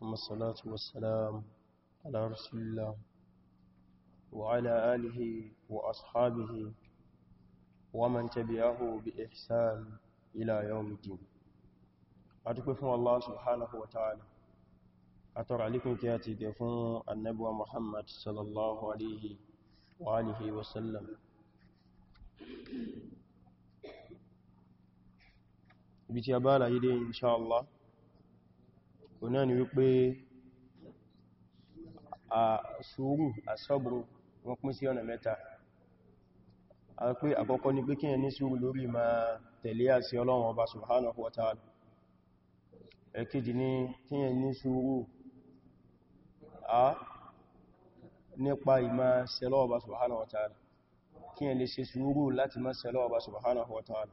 ثم الصلاة والسلام على رسول الله وعلى آله وأصحابه ومن تبعه بإحسان إلى يوم الدين أتكفوا الله سبحانه وتعالى أترى لكم كياتي كفوا النبوة محمد صلى الله عليه وآله وسلم بتيابالا يدي إن شاء الله ọ̀nà ni wípé a sùúrù asọ́bùrù wọ́n pín sí ọ̀nà mẹ́ta a pé àkọ́kọ́ ni pé kí ẹni sùúrù lórí ma tẹ̀lé àṣẹ Ọlọ́run Ọba subhanahu wa ta'ala ẹ̀kejì ni kí ẹni sùúrù a nípa ìmá sẹ́lọ́ Ọba subhanahu wa ta'ala kí ẹni ṣe sùúrù láti má sẹ́lọ́ Ọba subhanahu wa ta'ala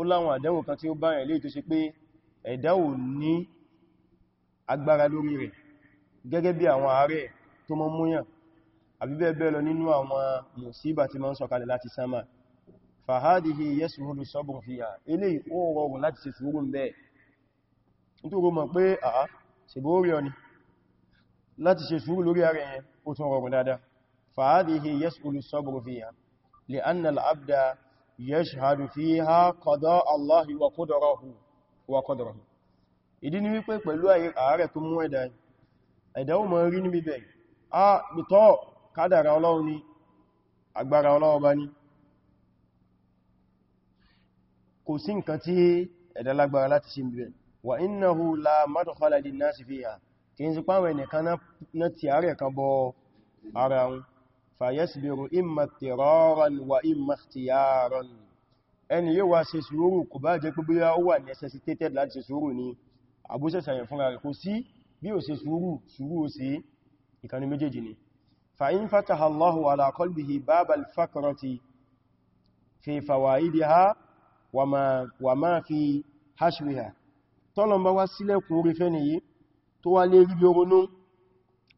ó láwọn àdánwò kan tí ó bá ẹ̀lẹ́ tó ṣe pé ẹ̀dáwò ní agbára lórí rẹ̀ gẹ́gẹ́ bí àwọn àárẹ̀ tó mọ́ múyàn àbí bẹ́ẹ̀ bẹ́ẹ̀ lọ nínú àwọn mùsíbà tí máa ń sọ̀kalẹ̀ láti sánmà fàhádìí yẹ́sùhùrù sọ́bùn fìyà ilé ó rọrùn láti ṣe sùúrù bẹ́ẹ̀ nítorí mọ̀ pé àá ṣe bó ọni láti ṣe sùúrù lórí ara yẹn ó tún rọrùn dáadáa fàhádìí yẹ́sùhùrù sọ́bùn fìyà lè annal abda ye shahadu qada Allah wa qudrahu wa qudrahu ìdí ni wípé pẹ̀lú ààrẹ tó mú ẹ̀dá ẹ̀dá ó mọ̀ rí níbi a pìtọ́ kádàrà Ọlọ́run ni agbára Ọlọ́run bá ní kò sí nǹkan tí ẹ̀dá lágbára la nasi sí pàwọn na ti fàyẹ́sìbìrù ìmà tìrọrọn wà ìmà tìyàrọn ẹni yóò wá ṣe sùúrù kò bá jẹ́ pípé ó wà necessitated láti ṣe sùúrù ní àbúṣẹ́sàyẹ̀ fúnra rẹ̀ kò sí bí ó ṣe sùúrù sùúrù ó sí ìkanu méjèèjì ni fa'in fataha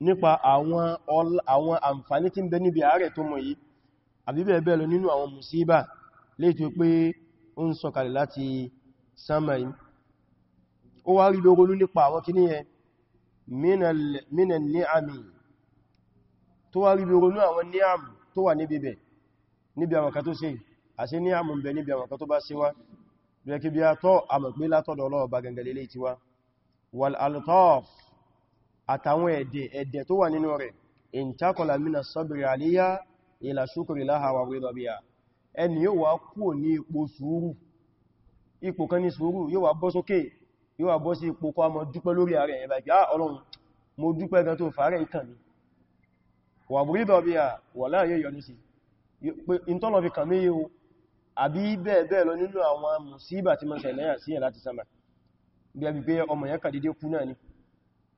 nípa àwọn àǹfàní tí ń bẹ níbi ààrẹ tó mọ̀ yìí àbíbẹ̀ bẹ́ẹ̀ lọ nínú àwọn musíbà léètò pé ó ń sọ̀kalẹ̀ láti sánmàí ó wá rí lórí nípa àwọn kìíní yẹn minan ni'ami tó wá rí lórí àwọn ni'am tó wà níbi bẹ̀ níbi àwọn kan tó ṣe àṣẹ ni'am ń bẹ níbi àwọn kan tó àtàwọn ẹ̀dẹ̀ ẹ̀dẹ̀ tó wà nínú rẹ̀ intakọla mina sabiri aliyya ila shukuri lahawa ridobiya ẹni yóò wá kúò ní ipò sùúrù ipò kan ní sùúrù yóò wá bọ́ sókè yóò wá bọ́ sí ipò kọ́ mọ́ dúpẹ́ lórí ààrẹ ẹ̀bà ìgbà ọlọ́run mo dúpẹ́ gan tó fàárẹ̀ ìkàn mi wà ridobiya wà láàyè yọnu sí ìntọ́lọ̀ fi ọmọ yẹn kàdídé kú náà ni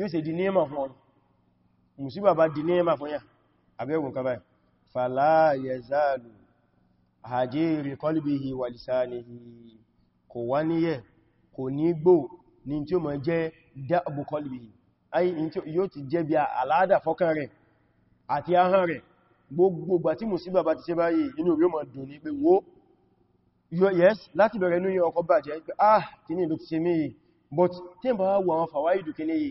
yóò ṣe di níyẹ̀mà fún ọ̀nà musíbà bá di níyẹ̀mà fún yà abẹ́gùn kaba fàlá yazalu hajiri qalbihi wa lisanihi kò wá níyẹ̀ kò ní gbò ní tí ó mọ̀ jẹ́ dáàbù qalbihi ayi yóò ti jẹ́ bí aláàdà fọ́kàn rẹ̀ àti ahọ́n rẹ̀ gbogbogbà tí musíbà bá ti ṣe báyìí inú yóò mọ̀ dùn ní pé wó yes láti bẹ̀rẹ̀ inú yóò ọkọ̀ bàjẹ́ ah kí ní ti ṣe mí but tí ń bá wọ àwọn fàwáìdù kí yìí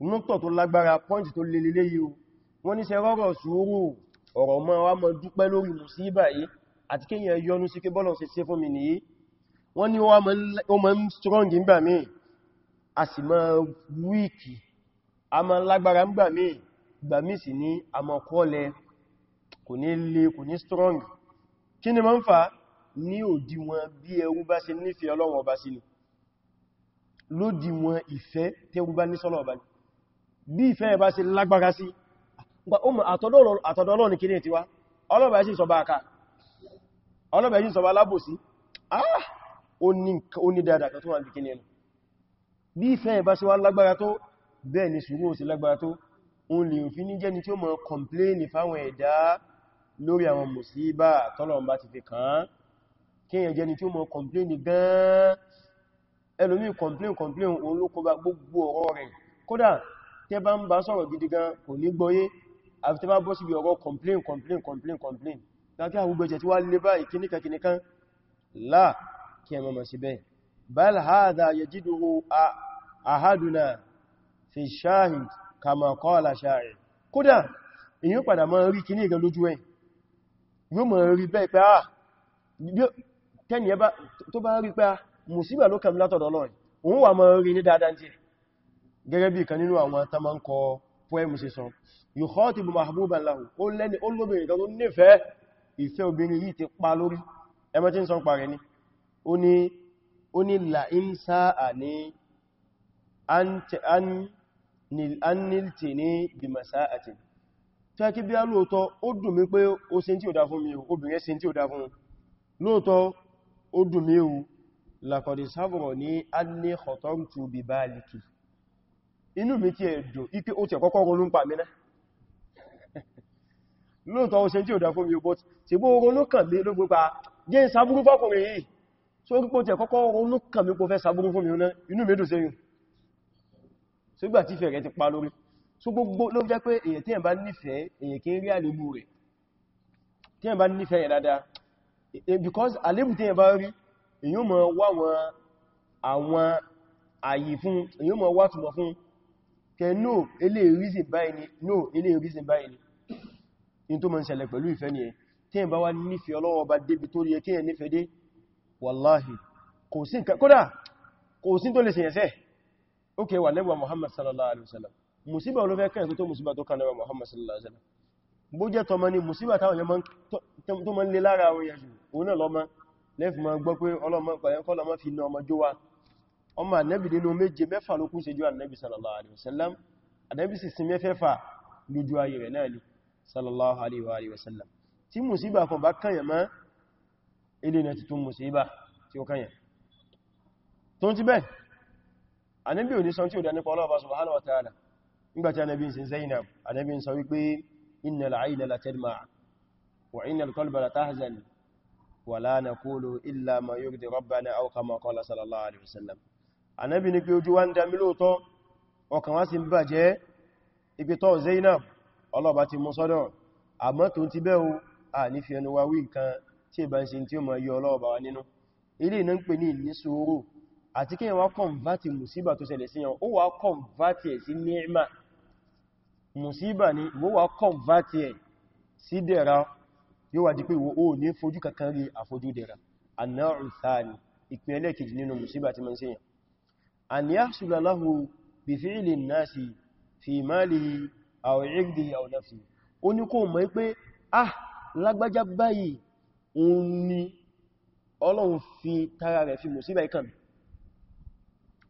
nùtọ̀ tó lágbára pọ́ǹtì tó lè lélé yìí wọ́n ní ṣe rọ́rọ̀ sùúrù ọ̀rọ̀ mọ́ wá mọ́ dúpẹ́ lórí mùsíbà yìí àti kéèyàn yọnú sí pé bọ́lọ̀ ṣe ṣe fún mi nìyí wọ́n ní ó mọ́ strong ńgbà mí a sì mọ́ weak a mọ́ lágbára ńgbà mí gbà mí sì ní a mọ́ kọ́lẹ̀ kò ní le kò ní strong kí ni máa ń fà ní òdiwọ̀n bí ẹrú bá ṣe nífẹ̀ẹ́ Ọlọ́run ọba sí ni lódiwọ̀n ìfẹ́ tẹ́rú bá ní sọ́lọ̀ ọba ni bí ìfẹ́ bá ṣe lágbára sí gba o mọ̀ àtọ̀dọ̀lọ́ ní kíní tiwa ọlọ́bàá sí sọba aka ọlọ́bàá sí sọba alábòsí ah o ní dáadáa kan tó wà ní kíní ẹnu bí ìfẹ́ bá ṣe wá lágbára tó bẹ́ẹ̀ ni sùúrù sí lágbára tó o lè fi ní jẹ́ ni tí ó mọ̀ kọmpléènì fáwọn ẹ̀dá lórí àwọn mùsíbà tọ́lọ̀mbá ti fi kàn kíyàn jẹ́ ni tí ó mọ̀ kọmpléènì gan-an ẹlòmí kọmpléènì kọmpléènì òun ló kó bá gbogbo ọ̀rọ̀ rẹ̀ kódà tẹ́ bá ń bá sọ̀rọ̀ gidi gan kò ní gbọ́yé àfi tẹ́ bá bọ́ síbi ọ̀rọ̀ complain complain complain complain láti àwúgbẹ̀jẹ̀ tí wá lè bá ìkíníkà kìníkan láà kí ẹ mọ̀mọ̀ sí bẹ́ẹ̀ bal hadha yajiduhu ahaduna fi shahid kama qala sha'ir kódà èyí padà máa rí kíní gan lójú ẹ̀ yóò máa rí bẹ́ẹ̀ pé ah tẹ́ni ẹbá tó bá rí pé ah mùsíbà ló kàm látọ̀dọ̀ lọ́rin òun wà máa rí ní dáadáa jẹ́ gẹ́gẹ́ bí kan nínú àwọn tàmà ń kọ poems sí sọ yukhatibu mahbuban lahu ó lẹ́ni olóbìnrin kan tó nífẹ̀ẹ́ ìfẹ́ obìnrin yìí ti pa lórí ẹmọ́ tí ń sọ parẹ ní ó ní la'in sáà ní annilti ní bimasa'ati tí a kí bí a lóòtọ́ ó dùn mí pé ó sin tí ó dá fún mi obìnrin sin tí inú mi ti ẹ̀dù ipé ó ti ẹ̀kọ́kọ́ ronú pa mi náà lóòtọ́ ó ṣe tí ó dá fún mi but tí bó ronú kàn lé lógbó pa jẹ́ ìsàbúrú fọ́kùnrin yìí so rí pó ti ẹ̀kọ́kọ́ ronú kàn mi kò fẹ́ sàbúrú fún mi inú mi dùn sẹ́yìn so gbà tí fẹ̀rẹ̀ ti pa lórí so gbogbo ló jẹ́ pé èyàn tí ẹ̀ bá nífẹ̀ẹ́ èyàn kí ń rí àlébù rẹ̀ tí ẹ̀ bá nífẹ̀ẹ́ yẹn dáadáa eh, because àlébù tí ẹ̀ bá rí èyàn mọ̀ wá àwọn àyè fún èyàn mọ̀ wá túnmọ̀ fún kẹ no ilé reason báyìí ni no ilé reason báyìí ni in tó ma ń ṣẹlẹ̀ pẹ̀lú ìfẹ́ ni ẹ tí ẹ bá wá nífẹ́ ọlọ́wọ́ bá débi tó rí kí ẹ nífẹ́ dé wàláhì kò sí tó lè wà lẹ́wà Muhammad sallallahu alaihi wasallam musiba ló kẹ́ musiba kan Muhammad sallallahu alaihi ma ọmọ ànábì nínú méje mẹ́fà ló kún ṣe ju ànábì sallallahu alaihi wasallam ànábì sì sin mẹ́fẹ́fà lójú ayé rẹ̀ náà ni sallallahu alaihi wasallam tí musíbà kan bá kànyàn mọ́ ilé na titun musíbà tí ó kànyàn tó ti bẹ́ ànábì ò ní sọ tí ó dá nípa ọlọ́ọ̀bá subhanahu wa ta'ala nígbàtí ànábì sin Zainab ànábì sọ wípé innal ayna la tadma' wa innal qalba la tahzan illa ma yurdi rabbana aw kama ànábì ní pé ojú wa ń dami lóòtọ́ ọkàn wá sí ń bàjẹ́ ipi tọ́ Zainab ọlọ́ba ti mú sọ́dọ̀ àmọ́ tó ti bẹ́ o a ní fi ẹnu wa wí nǹkan tí ìbá ń ṣe tí ó máa yọ ọlọ́ọ̀bá wa nínú ilé iná ń pè ní ní sùúrù àti kí wá kọ̀nvátì musíbà tó ṣẹlẹ̀ sí yàn ó wá kọ̀nvátì ẹ̀ sí ní'mà musíbà ni ìwó wá kọ̀nvátì ẹ̀ sí dẹ̀ra yóò wá di pé ìwò ó ní fojú kankan rí àfojú dẹ̀ra anáà ń sáà ni ìpínlẹ̀ kejì nínú musíbà tí mọ́ sí yàn أن يحصل له بفعل الناس في ماله أو عقده أو نفسه o ní kó mọ̀ pé ah lágbájá báyìí ni ọlọ́run fi tara rẹ̀ fi mùsíbà ikàn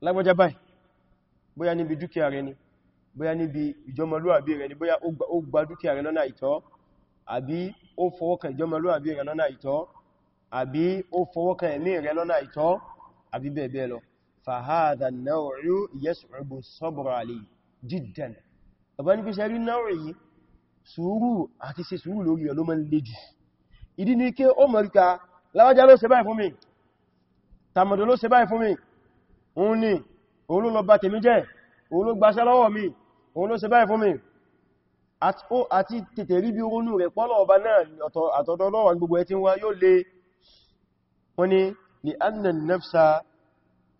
lágbájá báyìí bóyá níbi dúkìá rẹ̀ ni bóyá níbi ìjọmọlúàbí rẹ̀ ni bóyá ó gba dúkìá rẹ̀ lọ́nà àìtọ́ àbí ó fọwọ́kan ìjọmọlúàbí rẹ̀ lọ́nà àìtọ́ àbí ó fọwọ́kan ẹ̀mí rẹ̀ lọ́nà àìtọ́ àbí bẹ́ẹ̀ فهذا النوع يصعب الصبر عليه جدا ọba ní pé ṣe rí náà yìí sùúrù àti ṣe sùúrù lórí ọlọ́ ma ń lè jù ìdí ní kí ó mọ̀ríkà láwájá ló ṣe báyìí fún mi tàmàdà ló ṣe báyìí fún mi òun ni òun ló lọ bá tèmi jẹ́ òun ló gbaṣẹ́ lọ́wọ́ mi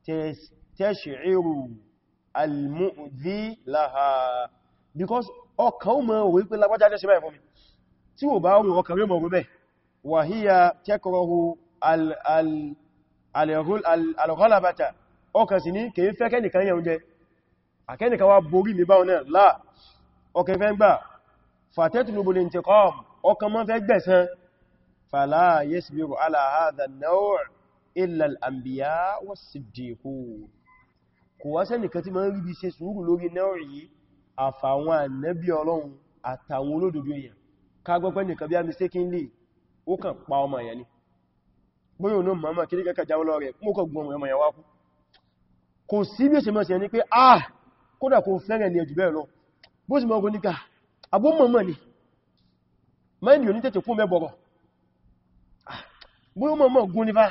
tẹ́ṣìírù almu'dhi laha because ọkàn mọ̀ wí pé lágbájá jẹ́ ṣe báyìí fún mi tí wò bá rú ọkàn rí mọ̀ rú bẹ́ wàhíyà tẹ́kọrọrù alọ́gọ́lábàtà ọkàn sí ní kèé fẹ́ kẹ́nìkan yẹ̀ oúnjẹ akẹ́nìkan wá borí mi báwọn náà láà ọkàn fẹ́ gbà fàtẹ́tùlùbù lè ń tẹ́kọ́ ọkàn mọ́ fẹ́ illa al-anbiya was-siddiqun kò wá sẹ́nìkan tí ma ń ríbi ṣe sùúrù lórí náwàrí àfàwọn ànábí ọlọ́run àtàwọn olódodo èèyàn ká gbọ́ pé nìkan bí a mistakenly ó kàn pa ọmọ èèyàn ni bóyá òun mama kí ní kẹ́kẹ́ jáwọ́ lọ rẹ̀ mú kọ gbọmọ ọmọ èèyàn wá kú kò sí bí ó ṣe ah, ní ẹjù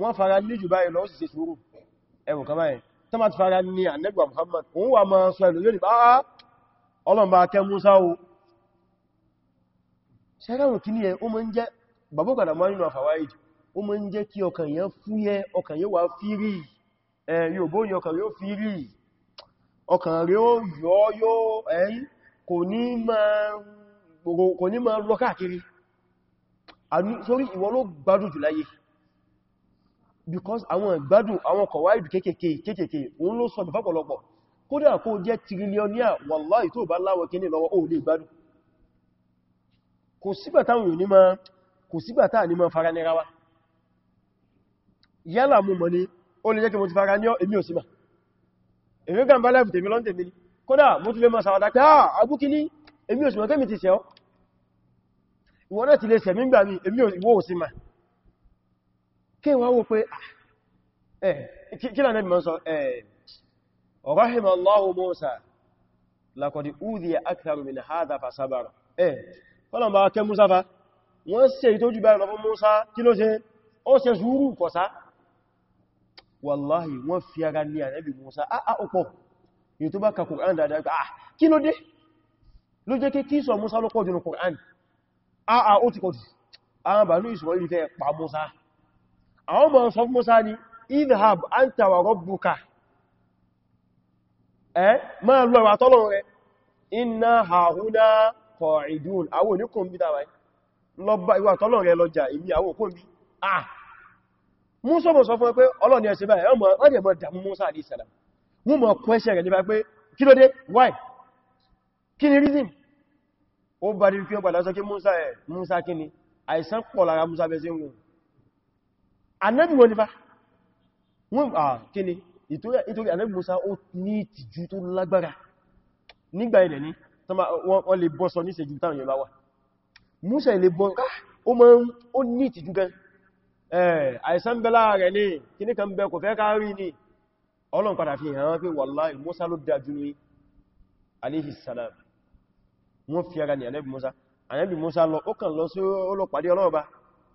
wọ́n fara lé jù báyìí lọ́wọ́ sì ṣe sùúrù ẹwùn kan báyìí tó máa ti fara ní ànẹ́gbà Muhammad òun wà máa sọ ẹ̀lú yóò ní bá ọlọ́mbà tẹ Musa o ṣẹ́rẹ̀rùn kí ní ẹ o mọ́ ń jẹ́ bàbá kàdà mọ́ nínú o mọ́ ń jẹ́ kí ọkàn yẹn fúyẹ́ ọkàn yẹn wà fírí ẹ̀ yóò bó ní ọkàn yóò fírí ọkàn rẹ̀ ó yọ́ yóò ẹ̀yìn because àwọn ìgbádùn àwọn kọ̀wàìdù kéèkèé òun ló sọ̀dù fọ́pọ̀lọpọ̀ kódà kó jẹ́ tírílíọ́níà wàláì tó bá láwọ̀ kí ní lọ́wọ́ ó lè gbádùn kò sígbà táà ní ma fara nira wa yálà mú mọ́ ní ó lè jẹ́ kí mo ti fara ní èmi ma èmi gàmbá láìfù tèmi lọ́n tèmi ní kódà mo tún lè ma sàwádá pé àà ah, abúkí ní èmi ò sí ma kẹ́mi ti sẹ́ ọ́ ìwọ náà ti lè sẹ̀mí gbà mi èmi ò sí ma kí wọ́n wó pé ah, eh, kí lànà ìmọ̀ sọ eh, rahim allahu musa lakọ̀dí údí ya akitaru min haza fa sabara eh kọ́lọ̀mbà kẹ musa fa wọ́n ṣe ìtójú bá ìlọ́fún musa kí ló ṣe ó ṣe sùúrù kọ̀sá wallahi wọ́n fi a a ọ̀pọ̀ yìí tó bá ah kí ló dé ló jẹ́ kí sọ a a ó ti kọ̀ jù àwọn bàánú ìṣòro ìfẹ́ pa àwọn ọmọ sọ fún Musa ní idhab anta wa rabbuka ẹ máa lọ ìwà tọ́lọ̀ rẹ̀ inna hahuna qa'idun àwọn oníkòmbí dáwàí lọ́bá ìwà tọ́lọ̀ rẹ̀ lọ́jà èmi àwọn òkòmbí ah Musa mọ̀ sọ fún pé ọlọ́ni ẹ̀ṣẹ̀ báyìí ọmọ ọdẹ̀ mọ̀ dàmú Musa alayhi salam mú mọ̀ kwẹ́ṣẹ̀ rẹ̀ nípa pé kí ló dé ó bá dé kí ó Musa ẹ̀ Musa kí ni àìsàn pọ̀ lára Musa bẹ́ẹ̀ sí wọn anẹ́bì wọn nífà wọ́n kíni ìtorí anẹ́bì Musa ó ní ìtìjú tó lágbára nígbà ilẹ̀ ní wọ́n lè bọ́ sọ ní ìṣẹ́jú táwọn yẹn bá wà Musa lè bọ́ ó ní ìtìjú gan àìsàn bẹ́lá rẹ̀ ní kíní kan bẹ́ kò fẹ́ kárí ní Ọlọ́run fi salam wọ́n fi ara ní anẹ́bì Musa anẹ́bì Musa lọ ó kàn lọ sí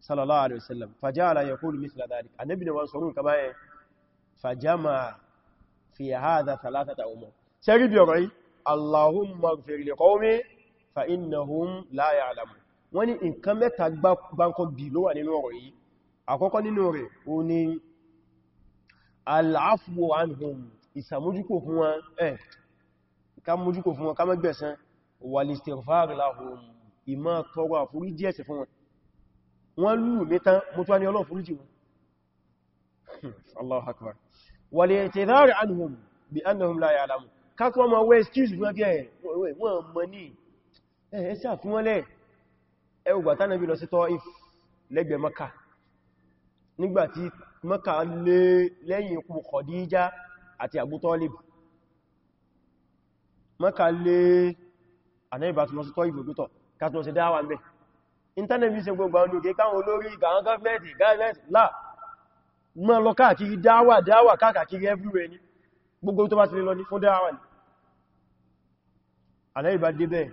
sallallahu alaihi wasallam fajala yaqulu mithla dhalik annabi ne wa sọ̀rọ̀ nǹkan báyẹn fajama fi hadha thalathata umur ṣe rí bí ọ̀rọ̀ yìí allahumma ighfir li qawmi fa innahum la ya'lamun wọ́n ní nǹkan mẹ́ta gbáǹkọ́ bí ló wà nínú ọ̀rọ̀ yìí àkọ́kọ́ nínú rẹ̀ ó ní al-afwu anhum ìsàmójúkò fún wọn ẹ̀ ká mójúkò fún wọn ká mẹ́gbẹ̀sán wal-istighfar lahum ìmá tọrọ àforíjì ẹ̀ṣẹ̀ fún wọn wọ́n lù mítán mú tó wá ní Ọlọ́run foríjì wọn Allahu akbar wal i'tidhar anhum bi annahum la ya'lamun kákọ́ ma wẹ́ excuse fún ẹgbẹ́ wọ́n mọ̀ ní ẹ̀ẹ́sẹ́ àfihànlẹ̀ ẹgbà tánàbí lọ sí Taif lẹ́gbẹ̀ẹ́ Maka nígbàtí Maka lé lẹ́yìn ikú Khadija àti Abu Talib Maka lé lọ sí Taif ìgbògbótọ̀ kátún sí dáwà mẹ́ Internet ṣe gbogbo àwọn olóògé káwọn olórí ìgbàwọn gọ́ọ̀mẹ́ntì guidelines láà mọ́ lọ káàkiri dáwà dáwà káàkiri everywhere ni gbogbo tó bá ti lè lọ ní fún dáwà ni alẹ́bí bá débẹ̀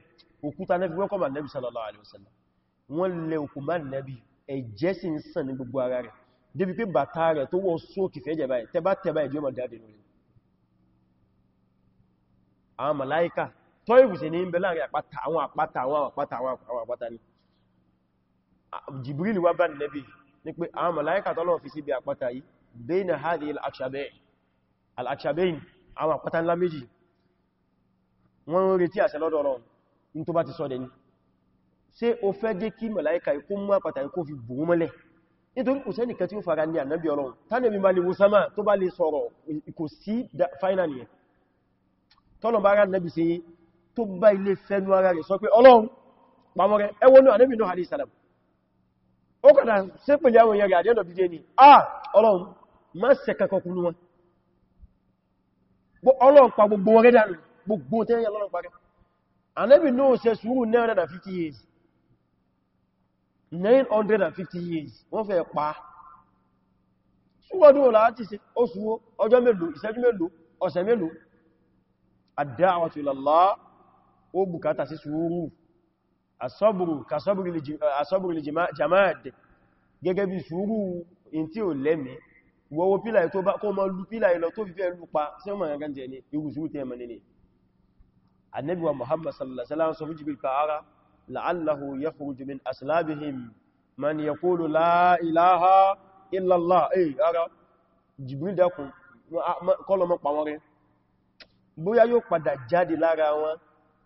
òkúta nẹ́bí wọ́n kọ́mà nẹ́bí sallallahu alaihi wasallam wọ́n lẹ òkúmá àwọn màláíkà tọ́ ìbùsẹ̀ ní ń bẹ láàrin àpáta àwọn àpáta àwọn àpáta ni jibril wá bá nẹ́bí ní pé àwọn màláíkà tọ́lọ̀ fi sí bí àpáta yìí bẹ́ẹ̀nà hádìí al'akshabẹ́yìn àwọn àpáta ńlá méjì wọ́n ń retí àṣẹ lọ́dọ̀ ọ̀rọ̀ ní tó bá ti sọ́dẹ̀ ní ṣé o fẹ́ jẹ́ kí màláíkà ikú mú àpáta ikú fi bò mọ́lẹ̀ nítorí kò sẹ́nì kan tí ó fara ní ànábì ọlọ́run tánàbí ma lè wo sámà tó bá lè sọ̀rọ̀ kò sí final yẹn tọ́lọ̀ bá ara ànábì sí tó bá ilé fẹ́nu ara rẹ̀ sọ pé ọlọ́run pàmọ́rẹ ẹwọ́nú ànábì náà hadith salam ó kàtà sí pẹ̀lú àwọn èèyàn rẹ̀ àdíọ́dọ̀ dídé ni ah ọlọ́run má ṣe kankan kúrú wọn ọlọ́run pa gbogbo wọn rẹ̀dà gbogbo tẹ́yẹ ọlọ́run pa rẹ̀ anẹ́bì náà ṣe sùúrù 950 years 950 years wọ́n fẹ́ pa ṣúgbọ́dún láti ṣe oṣù ọjọ́ mélòó ìṣẹ́jú mélòó ọ̀sẹ̀ mélòó ad-da'watu ilallah ó bùkátà sí sùúrù asọ́bùrù kasọ́bùrù lè jamaad gẹ́gẹ́ bí sùúrù in tí ò lẹ́mí wọ́wọ́ pílà tó bá kó mọ́ lú pílà ìlọ tó fífẹ́ lúpa sí ọmọ gangan jẹ ní irú sùúrù tẹ́ mọ̀ nílé Ànábì wa Muhammad sallallahu alaihi wasallam sọ fún Jibril kára la'allahu yakhruju min aslabihim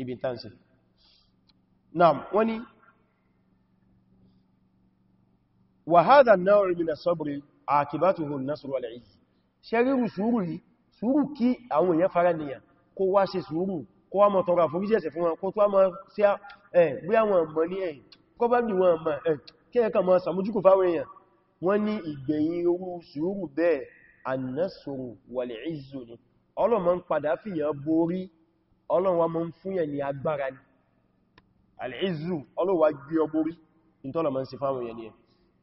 níbi tánṣe náà wọ́n ni wa hadha an-naw'u min as-sabri aqibatuhu an-nasru wal-'izz ṣẹ́rírù sùúrù yìí sùúrù kí àwọn èèyàn fara nìyàn kó wá ṣe sùúrù kó wá mọ̀ tọrọ àforíjẹ̀sẹ̀ fún wọn kó tó wá mọ̀ sí ẹ̀ bí àwọn ọlọ́run wa mọ́ ń fún yẹn ní agbára ní al'izu ọlọ́wà gbé ọgbórí ìtọ́lọ̀ mọ́ sí fáwọn yẹn ni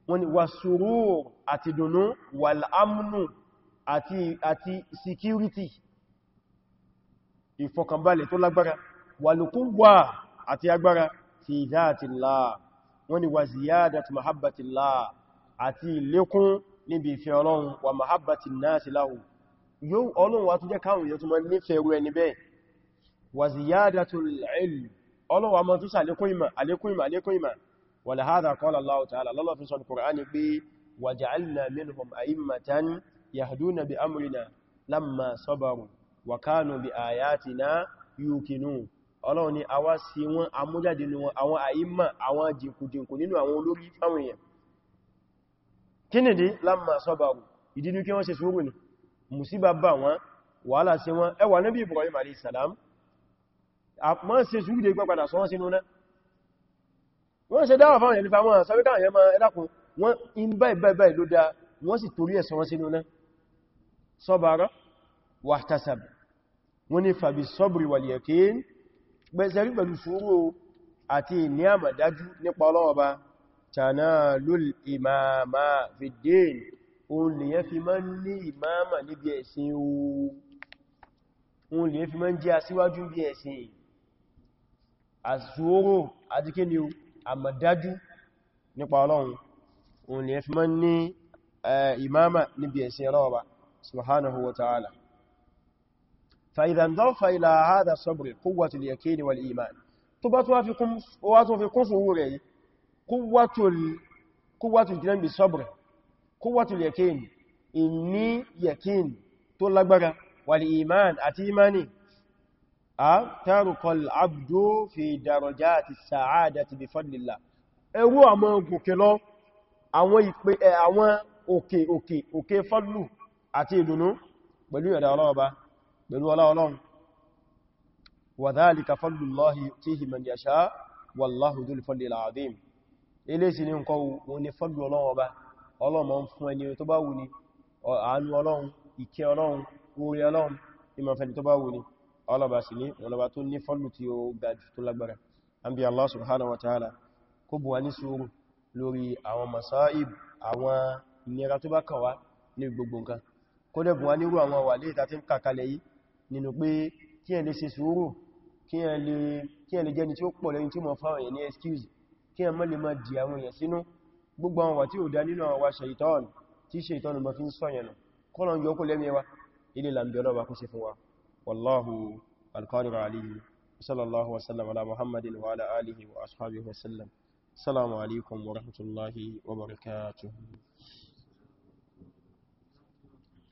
wọ́n ni wà surur àti dùnú wàl'amnù àti security ìfọkànbalẹ̀ tó lágbára wàlùkúwà àti agbára fi dhatillah wọ́n ni wà ziyadat mahabbatillah àti lékún níbi ìfẹ́ ọlọ́run wà mahabbatin nasi lahu yóò ọlọ́run wa tó wa ziyadatul ilm ọlọ́wà mọ́ tó sàlékún ìmọ̀ àlékún ìmọ̀ àlékún ìmọ̀ wa li hadha qala Allahu ta'ala lọ́lọ́ fi sọ́nà Qur'ani pé wa ja'alna minhum a'immatan yahduna bi amrina lamma sabaru wa kanu bi ayatina yuqinun ọlọ́run ni a wá sí wọn amújáde ní wọn àwọn àìmà àwọn jìnkùjìnkù nínú àwọn olórí fáwọn èèyàn kí nìdí lámà sọ́bàrù ìdínú wọ́n àpọ́n se sùúrù dé pàpàdà sọ wọ́n sínú náà wọ́n se dáwà fáwọn ẹ̀lẹ́fà wọn sọ́wẹ́kà àyẹ́ ma ẹ́dàkùn wọ́n in báyìí báyìí ló dá wọ́n sì torí ẹ̀sọ́ wọ́n sínú náà sọ́bàárá wahtasab òun lè yẹ́ fi máa ń ní ìmáàmà níbi ẹ̀sìn òun lè yẹ́ fi máa ń jẹ́ asíwájú bí ẹ̀sìn àsòórùn àti kí ni àmàdájú nípa ọlọ́run òun lè fi mọ́ ní ìmáàmà níbi ẹ̀sìn ọlọ́ọ̀bá subhanahu wa ta'ala فإذا انضاف إلى هذا الصبر قوة اليقين والإيمان تبطوا فيكم واتوا فيكم فوري قوة ال... قوة الجنان بالصبر قوة اليقين إني يقين تلقبرا والإيمان أتيماني tẹ́rùkọl abdó fi dàrọjá àti sàádà ti bí fọ́dìlá ẹwú àwọn òkè lọ àwọn ìpé àwọn òkè òkè òkè fọ́dìlú àti ìdùnnú pẹ̀lú ẹ̀dà ọlọ́ọba pẹ̀lú ọlọ́ọlọ́run wàdálìkà fọ́dìlúlọ́hì tí hìmàn yàṣá wàláhù dúlù ọlọ́ba sí ní ọlọ́ba tó ní fọ́lù tí ó ga jù tó lágbára an bí Allah subhanahu wa ta'ala kó bù wá ní sùúrù lórí àwọn masáìb àwọn ìnira tó bá kàn wá ní gbogbo nǹkan kó dẹ̀ bù wá nírú àwọn wà léta tí kàkalẹ̀ yìí nínú pé kí ẹ lè ṣe sùúrù kí ẹ lè jẹ́ni tí ó pọ̀ excuse kí ẹ má lè má di àwọn èèyàn sínú gbogbo àwọn wà tí ò dá nínú àwọn wa ṣe ìtọ́ọ̀nù tí والله القادر عليه صلى الله وسلم على محمد وعلى آله وأصحابه وسلم السلام عليكم ورحمة الله وبركاته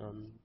آمين